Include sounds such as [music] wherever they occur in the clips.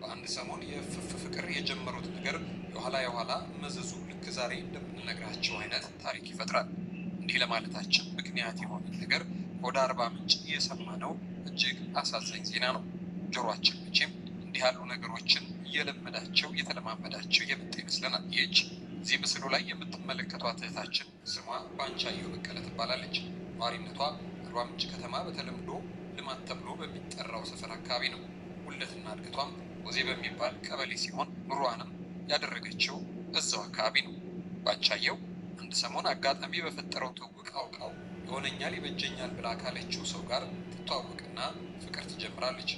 በአንድ ሰሞን የፍፍ ፍቅር የጀመሩት ነገር የኋላ የኋላ መዘዙ ልክ ዛሬ እንደምንነግራቸው አይነት ታሪክ ይፈጥራል። እንዲህ ለማለታችን ምክንያት የሆኑት ነገር ወደ አርባ ምንጭ እየሰማነው እጅግ አሳዛኝ ዜና ነው። ጆሯችን መቼም እንዲህ ያሉ ነገሮችን እየለመዳቸው እየተለማመዳቸው የመጣ ይመስለናል። ይች እዚህ ምስሉ ላይ የምትመለከቷት እህታችን ስሟ ባንቻየሁ በቀለ ትባላለች። ነዋሪነቷ አርባ ምንጭ ከተማ በተለምዶ ልማት ተብሎ በሚጠራው ሰፈር አካባቢ ነው። ሁለትና እድገቷም ሙዜ በሚባል ቀበሌ ሲሆን ኑሯንም ያደረገችው እዛው አካባቢ ነው። ባቻየው አንድ ሰሞን አጋጣሚ በፈጠረው ትውውቅ አውቃው ይሆነኛል ይበጀኛል ብላ ካለችው ሰው ጋር ትተዋወቅና ፍቅር ትጀምራለች።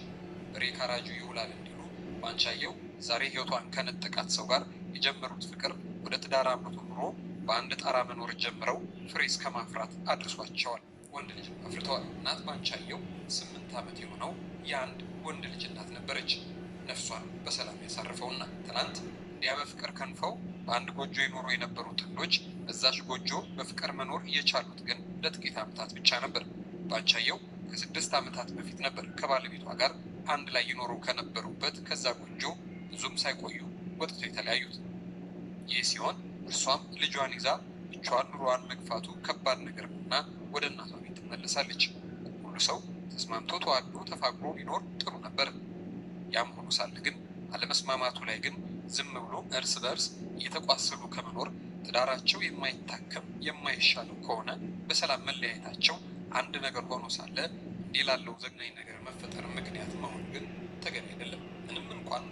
በሬ ካራጁ ይውላል እንዲሉ ባንቻየው ዛሬ ሕይወቷን ከነጠቃት ሰው ጋር የጀመሩት ፍቅር ወደ ትዳር አምርቶ ኑሮ በአንድ ጣራ መኖር ጀምረው ፍሬ እስከ ማፍራት አድርሷቸዋል። ወንድ ልጅ አፍርተዋል። እናት ባንቻየው ስምንት ዓመት የሆነው የአንድ ወንድ ልጅ እናት ነበረች። ነፍሷን በሰላም ያሳርፈውና ትናንት እንዲያ በፍቅር ከንፈው በአንድ ጎጆ የኖሩ የነበሩ ጥንዶች በዛሽ ጎጆ በፍቅር መኖር እየቻሉት ግን ለጥቂት ዓመታት ብቻ ነበር። ባቻየው ከስድስት ዓመታት በፊት ነበር ከባለቤቷ ጋር አንድ ላይ ይኖሩ ከነበሩበት ከዛ ጎጆ ብዙም ሳይቆዩ ወጥቶ የተለያዩት። ይህ ሲሆን እርሷም ልጇን ይዛ ብቻዋን ኑሯዋን መግፋቱ ከባድ ነገር እና ወደ እናቷ ቤት ትመለሳለች። ሁሉ ሰው ተስማምቶ ተዋዶ ተፋቅሮ ሊኖር ጥሩ ነበር። ያም ሆኖ ሳለ ግን አለመስማማቱ ላይ ግን ዝም ብሎ እርስ በእርስ እየተቋሰሉ ከመኖር ትዳራቸው የማይታከም የማይሻሉ ከሆነ በሰላም መለያየታቸው አንድ ነገር ሆኖ ሳለ እንዲህ ላለው ዘግናኝ ነገር መፈጠር ምክንያት መሆን ግን ተገቢ አይደለም። ምንም እንኳን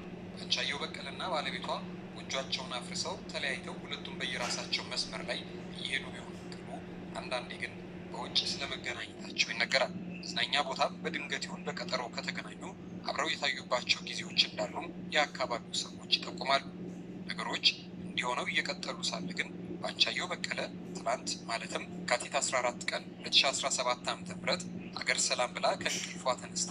አንቻየው በቀለና ባለቤቷ ጎጇቸውን አፍርሰው ተለያይተው ሁለቱም በየራሳቸው መስመር ላይ እየሄዱ ቢሆን ቅሉ፣ አንዳንዴ ግን በውጭ ስለመገናኘታቸው ይነገራል። መዝናኛ ቦታ በድንገት ይሁን በቀጠሮ ከተገናኙ አብረው የታዩባቸው ጊዜዎች እንዳሉም የአካባቢው ሰዎች ይጠቁማሉ። ነገሮች እንዲሆነው እየቀጠሉ ሳለ ግን ባቻየው በቀለ ትናንት ማለትም የካቲት 14 ቀን 2017 ም አገር ሰላም ብላ ከእንቅልፏ ተነስታ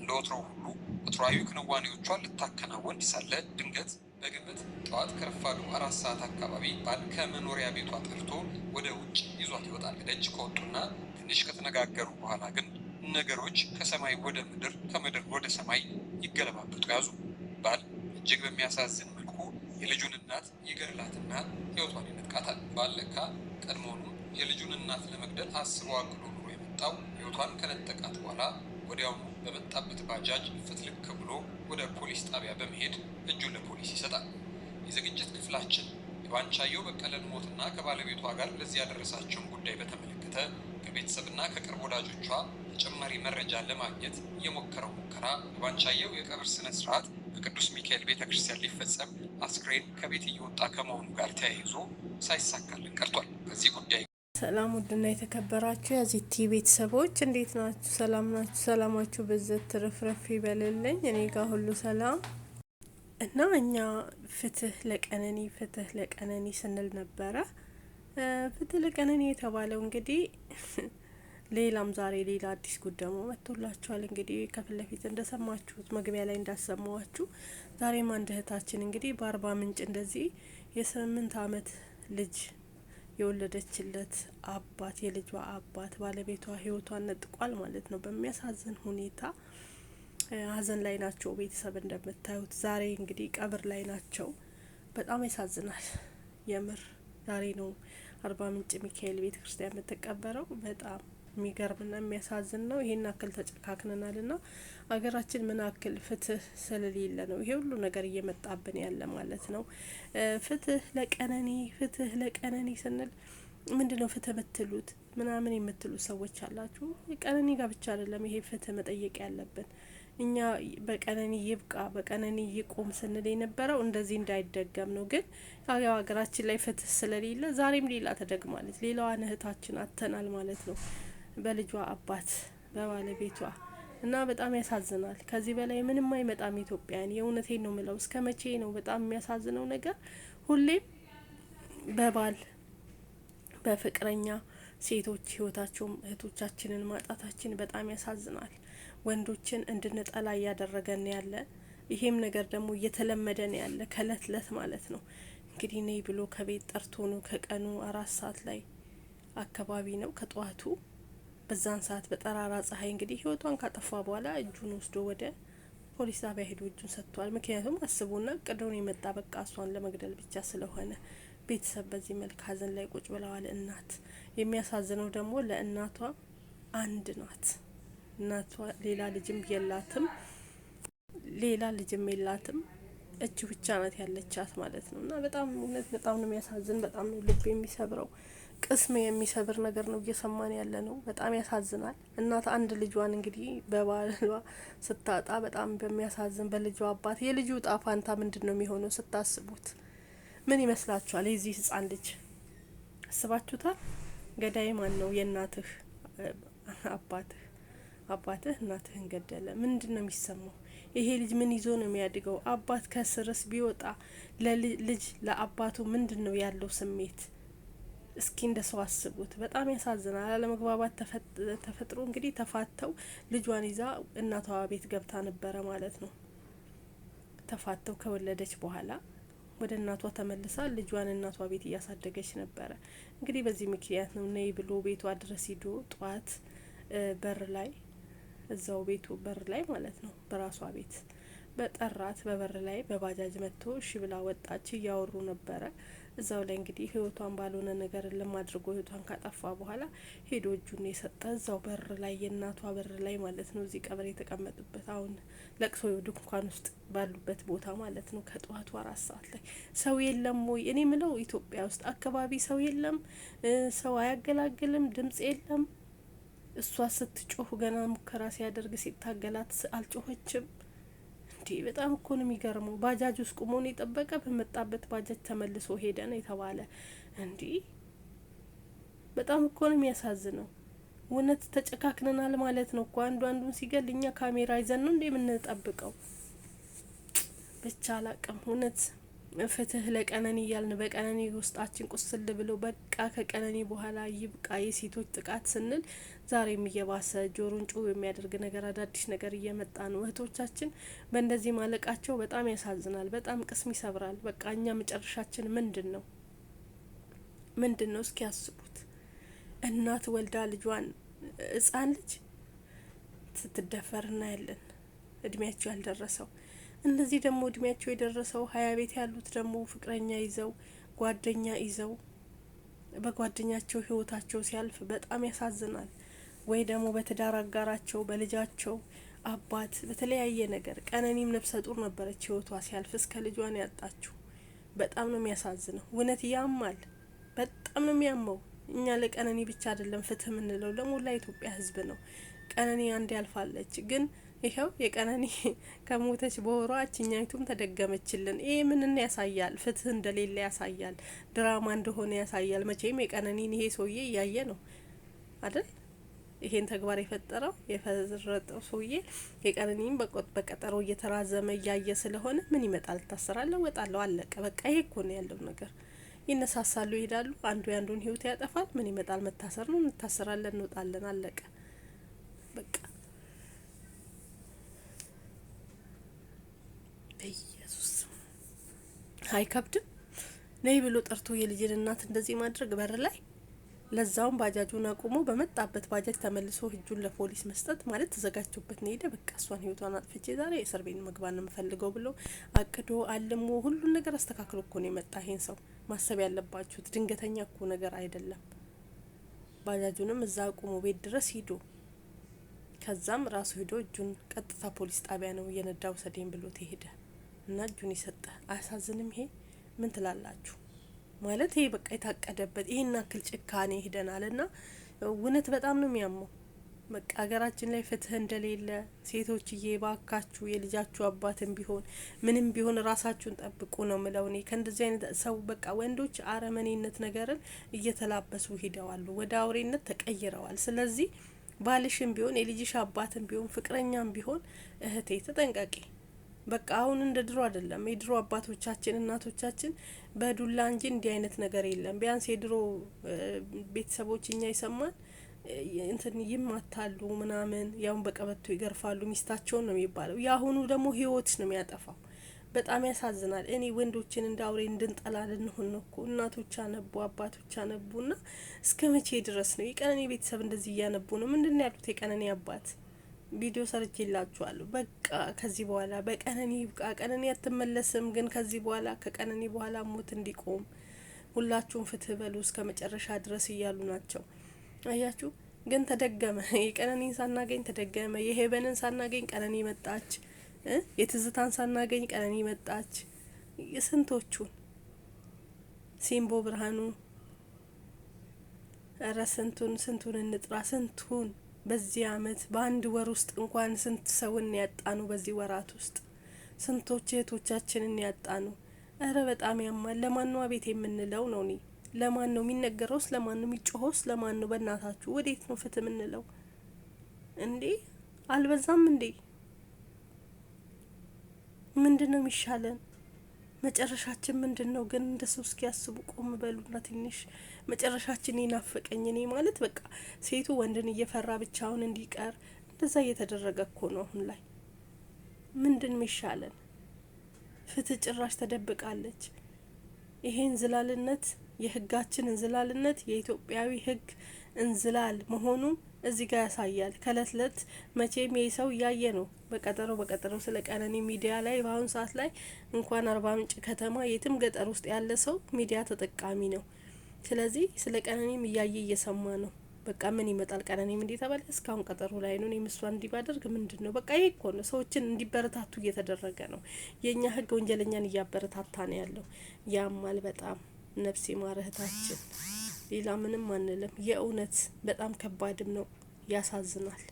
እንደ ወትሮ ሁሉ ወትሯዊ ክንዋኔዎቿን ልታከናወን ሳለ ድንገት በግምት ጠዋት ከረፋዱ አራት ሰዓት አካባቢ ባል ከመኖሪያ ቤቷ ጠርቶ ወደ ውጭ ይዟት ይወጣል። ደጅ ከወጡና ትንሽ ከተነጋገሩ በኋላ ግን ነገሮች ከሰማይ ወደ ምድር ከምድር ወደ ሰማይ ይገለባበጡ ያዙ። ባል እጅግ በሚያሳዝን መልኩ የልጁን እናት ይገድላትና ሕይወቷን ይነጥቃታል። ባል ለካ ቀድሞውኑም የልጁን እናት ለመግደል አስቦ አቅዶ ኑሮ የመጣው ሕይወቷን ከነጠቃት በኋላ ወዲያውኑ በመጣበት ባጃጅ ፍትልክ ብሎ ወደ ፖሊስ ጣቢያ በመሄድ እጁን ለፖሊስ ይሰጣል። የዝግጅት ክፍላችን የባንቻየው በቀለን ሞትና ከባለቤቷ ጋር ለዚህ ያደረሳቸውን ጉዳይ በተመለከተ ከቤተሰብና ከቅርብ ወዳጆቿ ተጨማሪ መረጃ ለማግኘት የሞከረው ሙከራ የባንቻየው የቀብር ስነ ስርዓት በቅዱስ ሚካኤል ቤተ ክርስቲያን ሊፈጸም አስክሬን ከቤት እየወጣ ከመሆኑ ጋር ተያይዞ ሳይሳካልን ቀርቷል። በዚህ ጉዳይ ሰላም ውድና የተከበራችሁ የዚህ ቲ ቤተሰቦች እንዴት ናችሁ? ሰላም ናችሁ? ሰላማችሁ ብዝት ትርፍረፍ ይበልልኝ። እኔ ጋር ሁሉ ሰላም እና እኛ ፍትህ ለቀነኒ ፍትህ ለቀነኒ ስንል ነበረ። ፍትህ ለቀነኒ የተባለው እንግዲህ ሌላም ዛሬ ሌላ አዲስ ጉድ ደግሞ መጥቶላችኋል። እንግዲህ ከፊት ለፊት እንደሰማችሁት መግቢያ ላይ እንዳሰማዋችሁ ዛሬም አንድ እህታችን እንግዲህ በአርባ ምንጭ እንደዚህ የስምንት አመት ልጅ የወለደችለት አባት የልጇ አባት ባለቤቷ ህይወቷን ነጥቋል ማለት ነው። በሚያሳዝን ሁኔታ ሀዘን ላይ ናቸው ቤተሰብ እንደምታዩት። ዛሬ እንግዲህ ቀብር ላይ ናቸው። በጣም ያሳዝናል የምር ዛሬ ነው አርባ ምንጭ ሚካኤል ቤተ ክርስቲያን የምትቀበረው በጣም የሚገርምና የሚያሳዝን ነው። ይሄን አክል ና አገራችን ምን አክል ፍትህ ስለሌለ ነው ይሄ ሁሉ ነገር እየመጣብን ያለ ማለት ነው። ፍትህ ለቀነኒ ፍትህ ለቀነኒ ስንል ምንድን ነው ፍትህ የምትሉት ምናምን የምትሉ ሰዎች አላችሁ። ቀነኒ ጋር ብቻ አይደለም ይሄ ፍትህ መጠየቅ ያለብን እኛ በቀነኒ ይብቃ በቀነኒ ይቁም ስንል የነበረው እንደዚህ እንዳይደገም ነው። ግን ያው ሀገራችን ላይ ፍትህ ስለሌለ ዛሬም ሌላ ተደግማለች። ሌላዋን እህታችን አተናል ማለት ነው። በልጇ አባት በባለቤቷ እና በጣም ያሳዝናል። ከዚህ በላይ ምንም አይመጣም። ኢትዮጵያን የእውነቴን ነው ምለው። እስከ መቼ ነው? በጣም የሚያሳዝነው ነገር ሁሌም በባል በፍቅረኛ ሴቶች ህይወታቸውም እህቶቻችንን ማጣታችን በጣም ያሳዝናል። ወንዶችን እንድንጠላ እያደረገን ያለ ይሄም ነገር ደግሞ እየተለመደን ያለ ከእለት እለት ማለት ነው። እንግዲህ ነይ ብሎ ከቤት ጠርቶ ነው ከቀኑ አራት ሰዓት ላይ አካባቢ ነው ከጠዋቱ በዛን ሰዓት በጠራራ ፀሐይ እንግዲህ ህይወቷን ካጠፋ በኋላ እጁን ወስዶ ወደ ፖሊስ ጣቢያ ሄዶ እጁን ሰጥቷል። ምክንያቱም አስቡና ቅድሩን የመጣ በቃ እሷን ለመግደል ብቻ ስለሆነ ቤተሰብ በዚህ መልክ ሀዘን ላይ ቁጭ ብለዋል። እናት የሚያሳዝነው ደግሞ ለእናቷ አንድ ናት። እናቷ ሌላ ልጅም የላትም፣ ሌላ ልጅም የላትም። እች ብቻ ናት ያለቻት ማለት ነው። እና በጣም እውነት በጣም ነው የሚያሳዝን፣ በጣም ነው ልብ የሚሰብረው። ቅስም የሚሰብር ነገር ነው እየሰማን ያለ ነው። በጣም ያሳዝናል። እናት አንድ ልጇን እንግዲህ በባሏ ስታጣ በጣም በሚያሳዝን በልጇ አባት የልጁ ጣፋንታ ፋንታ ምንድን ነው የሚሆነው ስታስቡት? ምን ይመስላችኋል? የዚህ ህጻን ልጅ አስባችሁታል? ገዳይ ማን ነው? የእናትህ አባትህ አባትህ እናትህን ገደለ። ምንድን ነው የሚሰማው? ይሄ ልጅ ምን ይዞ ነው የሚያድገው? አባት ከስርስ ቢወጣ ለልጅ ለአባቱ ምንድን ነው ያለው ስሜት? እስኪ እንደ ሰው አስቡት። በጣም ያሳዝናል። አለመግባባት ተፈጥሮ እንግዲህ ተፋተው ልጇን ይዛ እናቷ ቤት ገብታ ነበረ ማለት ነው። ተፋተው ከወለደች በኋላ ወደ እናቷ ተመልሳ ልጇን እናቷ ቤት እያሳደገች ነበረ። እንግዲህ በዚህ ምክንያት ነው ነይ ብሎ ቤቷ ድረስ ሂዶ ጠዋት በር ላይ እዛው ቤቱ በር ላይ ማለት ነው በራሷ ቤት በጠራት በበር ላይ በባጃጅ መጥቶ እሺ ብላ ወጣች። እያወሩ ነበረ እዛው ላይ እንግዲህ ህይወቷን ባልሆነ ነገር ልም አድርጎ ህይወቷን ካጠፋ በኋላ ሄዶ እጁን የሰጠ እዛው በር ላይ የእናቷ በር ላይ ማለት ነው። እዚህ ቀብር የተቀመጡበት አሁን ለቅሶ ድንኳን ውስጥ ባሉበት ቦታ ማለት ነው። ከጠዋቱ አራት ሰዓት ላይ ሰው የለም ወይ? እኔ ምለው ኢትዮጵያ ውስጥ አካባቢ ሰው የለም፣ ሰው አያገላግልም፣ ድምጽ የለም። እሷ ስትጮህ ገና ሙከራ ሲያደርግ ሲታገላት አልጮኸችም። ውዴ በጣም እኮ ነው የሚገርመው። ባጃጅ ውስጥ ነው የጠበቀ በመጣበት ባጃጅ ተመልሶ ሄደ ነው የተባለ። እንዲህ በጣም እኮ ነው የሚያሳዝነው። እውነት ተጨካክነናል ማለት ነው እኮ አንዱ አንዱን ሲገል እኛ ካሜራ ይዘን ነው እንደ የምንጠብቀው። ብቻ አላቅም እውነት ፍትህ ለቀነኒ እያልን በቀነኒ ውስጣችን ቁስል ብሎ በቃ ከቀነኒ በኋላ ይብቃ የሴቶች ጥቃት ስንል ዛሬም እየባሰ ጆሮን ጩ የሚያደርግ ነገር አዳዲስ ነገር እየመጣ ነው። እህቶቻችን በእንደዚህ ማለቃቸው በጣም ያሳዝናል። በጣም ቅስም ይሰብራል። በቃ እኛ መጨረሻችን ምንድን ነው? ምንድን ነው? እስኪ ያስቡት። እናት ወልዳ ልጇን ህጻን ልጅ ስትደፈር እናያለን። እድሜያቸው ያልደረሰው እነዚህ ደግሞ እድሜያቸው የደረሰው ሀያ ቤት ያሉት ደግሞ ፍቅረኛ ይዘው ጓደኛ ይዘው በጓደኛቸው ህይወታቸው ሲያልፍ በጣም ያሳዝናል። ወይ ደግሞ በትዳር አጋራቸው በልጃቸው አባት በተለያየ ነገር ቀነኒም ነፍሰ ጡር ነበረች። ህይወቷ ሲያልፍ እስከ ልጇን ያጣችው በጣም ነው የሚያሳዝነው። እውነት ያማል፣ በጣም ነው የሚያመው። እኛ ለቀነኒ ብቻ አይደለም ፍትህ የምንለው ለሞላ ኢትዮጵያ ህዝብ ነው። ቀነኒ አንድ ያልፋለች ግን ይኸው የቀነኒ [laughs] ከሞተች በወሯ አችኛይቱም ተደገመችልን። ይህ ምንን ያሳያል? ፍትህ እንደሌለ ያሳያል። ድራማ እንደሆነ ያሳያል። መቼም የቀነኒን ይሄ ሰውዬ እያየ ነው አይደል? ይሄን ተግባር የፈጠረው የፈረጠው ሰውዬ የቀነኒን በቀጠሮ እየተራዘመ እያየ ስለሆነ ምን ይመጣል? እታሰራለሁ፣ ወጣለሁ፣ አለቀ። በቃ ይሄ እኮ ነው ያለው ነገር። ይነሳሳሉ፣ ይሄዳሉ፣ አንዱ የአንዱን ህይወት ያጠፋል። ምን ይመጣል? መታሰር ነው። እንታሰራለን፣ እንወጣለን፣ አለቀ በቃ በኢየሱስ አይከብድም። ነይ ብሎ ጠርቶ የልጅን እናት እንደዚህ ማድረግ በር ላይ ለዛውም ባጃጁን አቁሞ በመጣበት ባጃጅ ተመልሶ እጁን ለፖሊስ መስጠት ማለት ተዘጋጅቶበት ነው። ሄደ በቃ እሷን ህይወቷን አጥፍቼ ዛሬ እስር ቤት መግባት ነው የምፈልገው ብሎ አቅዶ አልሞ ሁሉን ነገር አስተካክሎ እኮ ነው የመጣ። ይሄን ሰው ማሰብ ያለባችሁት ድንገተኛ እኮ ነገር አይደለም። ባጃጁንም እዛ አቁሞ ቤት ድረስ ሂዶ ከዛም ራሱ ሂዶ እጁን ቀጥታ ፖሊስ ጣቢያ ነው እየነዳ ውሰዴን ብሎ ተሄደ። እና እጁን የሰጠ አያሳዝንም? ይሄ ምን ትላላችሁ? ማለት ይሄ በቃ የታቀደበት ይሄን ያክል ጭካኔ ሂደናል እና እውነት በጣም ነው የሚያመው። በቃ ሀገራችን ላይ ፍትህ እንደሌለ ሴቶችዬ፣ ባካችሁ የልጃችሁ አባትም ቢሆን ምንም ቢሆን ራሳችሁን ጠብቁ ነው ምለው። እኔ ከእንደዚህ አይነት ሰው በቃ ወንዶች አረመኔነት ነገርን እየተላበሱ ሂደዋሉ፣ ወደ አውሬነት ተቀይረዋል። ስለዚህ ባልሽም ቢሆን የልጅሽ አባትም ቢሆን ፍቅረኛም ቢሆን እህቴ ተጠንቀቂ። በቃ አሁን እንደ ድሮ አይደለም። የድሮ አባቶቻችን እናቶቻችን በዱላ እንጂ እንዲህ አይነት ነገር የለም። ቢያንስ የድሮ ቤተሰቦች እኛ ይሰማን እንትን ይማታሉ ምናምን፣ ያሁን በቀበቶ ይገርፋሉ፣ ሚስታቸውን ነው የሚባለው። የአሁኑ ደግሞ ህይወት ነው የሚያጠፋው። በጣም ያሳዝናል። እኔ ወንዶችን እንደ አውሬ እንድንጠላ ልንሆን ነው እኮ። እናቶች አነቡ፣ አባቶች አነቡ። ና እስከ መቼ ድረስ ነው የቀነኔ ቤተሰብ እንደዚህ እያነቡ ነው? ምንድን ነው ያሉት የቀነኔ አባት ቪዲዮ ሰርች በቃ ከዚህ በኋላ በቀነኒ ይብቃ። ቀነኒ አትመለስም፣ ግን ከዚህ በኋላ ከቀነኒ በኋላ ሞት እንዲቆም ሁላችሁም ፍትህ በሉ እስከ መጨረሻ ድረስ እያሉ ናቸው። አያችሁ፣ ግን ተደገመ። [laughs] የቀነኒን ሳናገኝ ተደገመ። የሄበንን ሳናገኝ ቀነኒ መጣች። የትዝታን ሳናገኝ ቀነኒ መጣች። ስንቶቹን ሲምቦ ብርሃኑ፣ እረ ስንቱን ስንቱን እንጥራ ስንቱን በዚህ አመት በአንድ ወር ውስጥ እንኳን ስንት ሰውን እንያጣኑ በዚህ ወራት ውስጥ ስንቶች እህቶቻችን እንያጣኑ። እረ በጣም ያማል። ለማን ነው አቤት የምንለው ነው? እኔ ለማን ነው የሚነገረውስ? ለማን ነው የሚጮኸውስ? ለማን ነው? በእናታችሁ ወዴት ነው ፍትህ የምንለው እንዴ? አልበዛም እንዴ? ምንድን ነው የሚሻለን? መጨረሻችን ምንድን ነው ግን? እንደ ሰው ያስቡ ቆም በሉና ትንሽ መጨረሻችን ይናፈቀኝ። እኔ ማለት በቃ ሴቱ ወንድን እየፈራ ብቻውን እንዲቀር እንደዛ እየተደረገ እኮ ነው አሁን ላይ። ምንድን ሚሻለን? ፍትህ ጭራሽ ተደብቃለች። ይሄ እንዝላልነት፣ የህጋችን እንዝላልነት፣ የኢትዮጵያዊ ህግ እንዝላል መሆኑ እዚህ ጋር ያሳያል። ከእለት እለት መቼም ይህ ሰው እያየ ነው በቀጠሮ በቀጠሮ ስለ ቀነኒ ሚዲያ ላይ በአሁኑ ሰዓት ላይ እንኳን አርባ ምንጭ ከተማ የትም ገጠር ውስጥ ያለ ሰው ሚዲያ ተጠቃሚ ነው። ስለዚህ ስለ ቀነኒም እያየ እየሰማ ነው። በቃ ምን ይመጣል? ቀነኒም እንዴት ተባለ? እስካሁን ቀጠሮ ላይ ነው። እኔም እሷን ምንድን ነው? በቃ ይሄ እኮ ነው። ሰዎችን እንዲበረታቱ እየተደረገ ነው። የእኛ ህግ ወንጀለኛን እያበረታታ ነው ያለው። ያማል በጣም ነፍሴ ማረህታችን ሌላ ምንም አንልም። የእውነት በጣም ከባድም ነው፣ ያሳዝናል።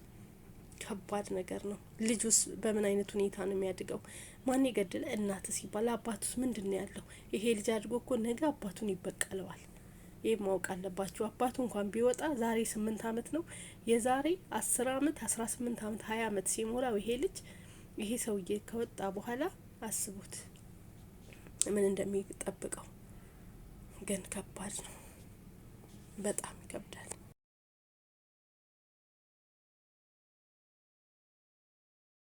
ከባድ ነገር ነው። ልጁስ በምን አይነት ሁኔታ ነው የሚያድገው? ማን የገደለ? እናት ሲባል አባቱስ ምንድን ነው ያለው? ይሄ ልጅ አድጎ እኮ ነገ አባቱን ይበቀለዋል። ይህ ማወቅ አለባቸው። አባቱ እንኳን ቢወጣ ዛሬ ስምንት አመት ነው። የዛሬ አስር አመት አስራ ስምንት አመት ሀያ አመት ሲሞላው ይሄ ልጅ ይሄ ሰውዬ ከወጣ በኋላ አስቡት ምን እንደሚጠብቀው። ግን ከባድ ነው። በጣም ይከብዳል።